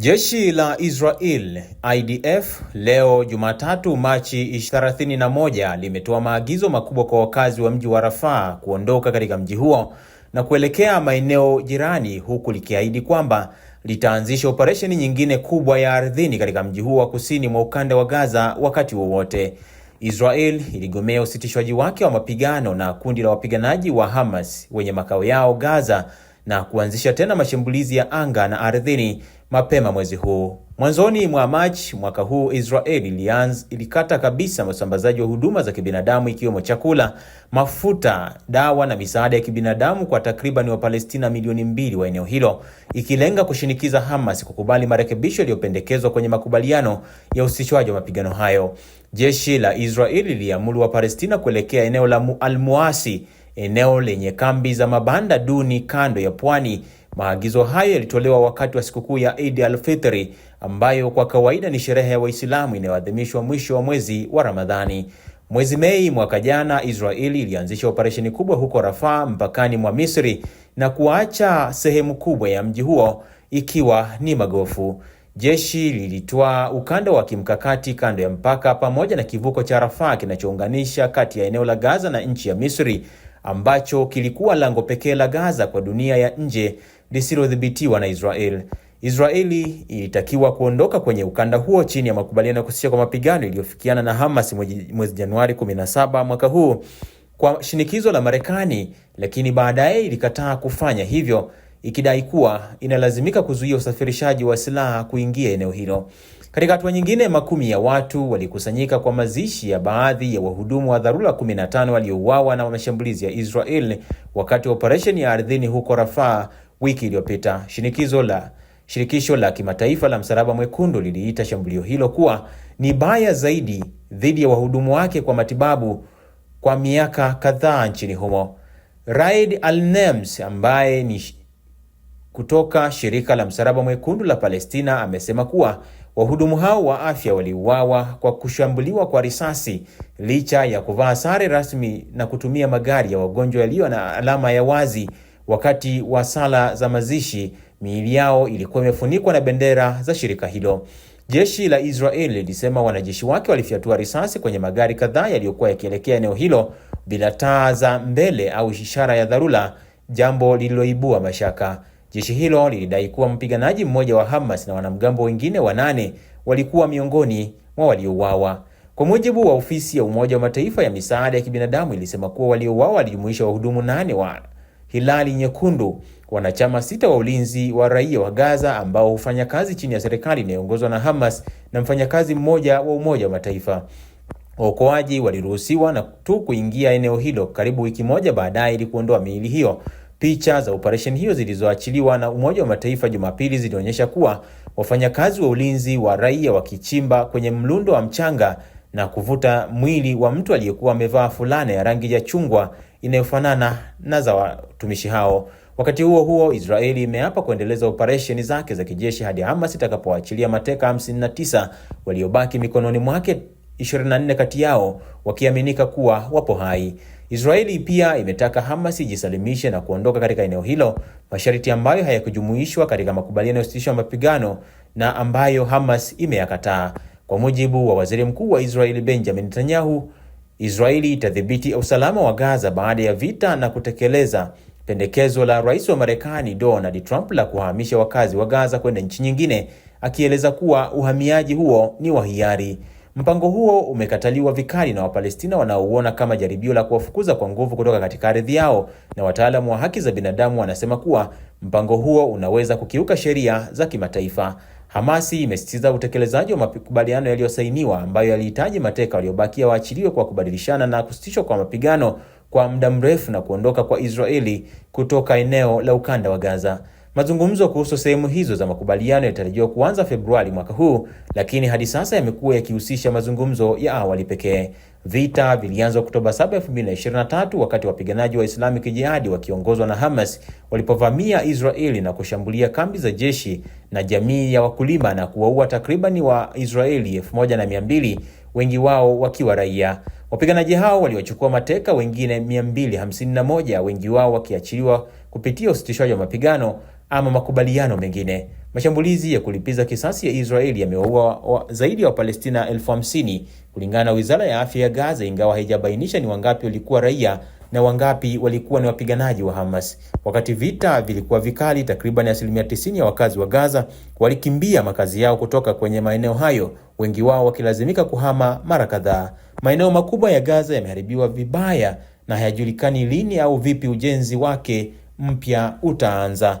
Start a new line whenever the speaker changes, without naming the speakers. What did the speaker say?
Jeshi la Israel IDF leo Jumatatu Machi 31 limetoa maagizo makubwa kwa wakazi wa mji wa Rafah kuondoka katika mji huo na kuelekea maeneo jirani huku likiahidi kwamba litaanzisha operesheni nyingine kubwa ya ardhini katika mji huo wa kusini mwa ukanda wa Gaza wakati wowote. Israel iligomea usitishwaji wake wa mapigano na kundi la wapiganaji wa Hamas wenye makao yao Gaza na kuanzisha tena mashambulizi ya anga na ardhini Mapema mwezi huu, mwanzoni mwa Machi mwaka huu, Israel ilianza ilikata kabisa usambazaji wa huduma za kibinadamu ikiwemo chakula, mafuta, dawa na misaada ya kibinadamu kwa takriban Wapalestina milioni mbili wa eneo hilo, ikilenga kushinikiza Hamas kukubali marekebisho yaliyopendekezwa kwenye makubaliano ya usitishwaji wa mapigano hayo. Jeshi la Israel liliamuru Wapalestina kuelekea eneo la Al-Muasi, eneo lenye kambi za mabanda duni kando ya pwani Maagizo hayo yalitolewa wakati wa sikukuu ya Eid al-Fitri ambayo kwa kawaida ni sherehe ya wa Waislamu inayoadhimishwa mwisho wa mwezi wa Ramadhani. Mwezi Mei mwaka jana, Israeli ilianzisha operesheni kubwa huko Rafah mpakani mwa Misri na kuacha sehemu kubwa ya mji huo ikiwa ni magofu. Jeshi lilitwaa ukanda wa kimkakati kando ya mpaka pamoja na kivuko cha Rafah kinachounganisha kati ya eneo la Gaza na nchi ya Misri ambacho kilikuwa lango pekee la Gaza kwa dunia ya nje lisilodhibitiwa na Israel. Israeli ilitakiwa kuondoka kwenye ukanda huo chini ya makubaliano ya kusitisha kwa mapigano iliyofikiana na Hamas mwezi Januari 17 mwaka huu kwa shinikizo la Marekani, lakini baadaye ilikataa kufanya hivyo ikidai kuwa inalazimika kuzuia usafirishaji wa silaha kuingia eneo hilo. Katika hatua nyingine, makumi ya watu walikusanyika kwa mazishi ya baadhi ya wahudumu wa dharura 15 waliouawa na mashambulizi ya Israel wakati wa operesheni ya ardhini huko Rafah, Wiki iliyopita shinikizo la shirikisho la kimataifa la Msalaba Mwekundu liliita shambulio hilo kuwa ni baya zaidi dhidi ya wahudumu wake kwa matibabu kwa miaka kadhaa nchini humo. Raed Al-Nems ambaye ni kutoka shirika la Msalaba Mwekundu la Palestina amesema kuwa wahudumu hao wa afya waliuawa kwa kushambuliwa kwa risasi licha ya kuvaa sare rasmi na kutumia magari ya wagonjwa yaliyo na alama ya wazi Wakati wa sala za mazishi, miili yao ilikuwa imefunikwa na bendera za shirika hilo. Jeshi la israel lilisema wanajeshi wake walifyatua risasi kwenye magari kadhaa yaliyokuwa yakielekea eneo hilo bila taa za mbele au ishara ya dharura, jambo lililoibua mashaka. Jeshi hilo lilidai kuwa mpiganaji mmoja wa Hamas na wanamgambo wengine wanane walikuwa miongoni mwa waliouawa. Kwa mujibu wa ofisi ya Umoja wa Mataifa ya misaada ya kibinadamu, ilisema kuwa waliouawa walijumuisha wahudumu nane wa Hilali Nyekundu, wanachama sita wa ulinzi wa raia wa Gaza ambao hufanya kazi chini ya serikali inayoongozwa na Hamas na mfanyakazi mmoja wa Umoja wa Mataifa. Waokoaji waliruhusiwa na tu kuingia eneo hilo karibu wiki moja baadaye ili kuondoa miili hiyo. Picha za operesheni hiyo zilizoachiliwa na Umoja wa Mataifa Jumapili zilionyesha kuwa wafanyakazi wa ulinzi wa raia wakichimba kwenye mlundo wa mchanga na kuvuta mwili wa mtu aliyekuwa amevaa fulana ya rangi ya chungwa inayofanana na za watumishi hao. Wakati huo huo, Israeli imeapa kuendeleza operesheni zake za kijeshi hadi Hamas itakapoachilia mateka 59 waliobaki mikononi mwake, 24 kati yao wakiaminika kuwa wapo hai. Israeli pia imetaka Hamas ijisalimishe na kuondoka katika eneo hilo, masharti ambayo hayakujumuishwa katika makubaliano ya usitisho wa mapigano na ambayo Hamas imeyakataa. Kwa mujibu wa waziri mkuu wa Israeli Benjamin Netanyahu, Israeli itadhibiti usalama wa Gaza baada ya vita na kutekeleza pendekezo la rais wa Marekani Donald Trump la kuhamisha wakazi wa Gaza kwenda nchi nyingine, akieleza kuwa uhamiaji huo ni wa hiari. Mpango huo umekataliwa vikali na Wapalestina wanaouona kama jaribio la kuwafukuza kwa nguvu kutoka katika ardhi yao, na wataalamu wa haki za binadamu wanasema kuwa mpango huo unaweza kukiuka sheria za kimataifa. Hamasi imesisitiza utekelezaji wa makubaliano yaliyosainiwa ambayo yalihitaji mateka waliobakia waachiliwe kwa kubadilishana na kusitishwa kwa mapigano kwa muda mrefu na kuondoka kwa Israeli kutoka eneo la ukanda wa Gaza. Mazungumzo kuhusu sehemu hizo za makubaliano yalitarajiwa kuanza Februari mwaka huu, lakini hadi sasa yamekuwa yakihusisha mazungumzo ya awali pekee. Vita vilianza Oktoba 7, 2023 wakati wapiganaji wa Islamic Jihad wakiongozwa na Hamas walipovamia Israeli na kushambulia kambi za jeshi na jamii ya wakulima na kuwaua takribani Waisraeli 1200 wengi wao wakiwa raia. Wapiganaji hao waliwachukua mateka wengine 251, wengi wao wakiachiliwa kupitia usitishwaji wa mapigano ama makubaliano mengine. Mashambulizi ya kulipiza kisasi ya Israeli yamewaua zaidi ya wa Wapalestina elfu hamsini kulingana na Wizara ya Afya ya Gaza, ingawa haijabainisha ni wangapi walikuwa raia na wangapi walikuwa ni wapiganaji wa Hamas. Wakati vita vilikuwa vikali, takriban asilimia 90 ya wakazi wa Gaza walikimbia makazi yao kutoka kwenye maeneo hayo, wengi wao wakilazimika kuhama mara kadhaa. Maeneo makubwa ya Gaza yameharibiwa vibaya na hayajulikani lini au vipi ujenzi wake mpya utaanza.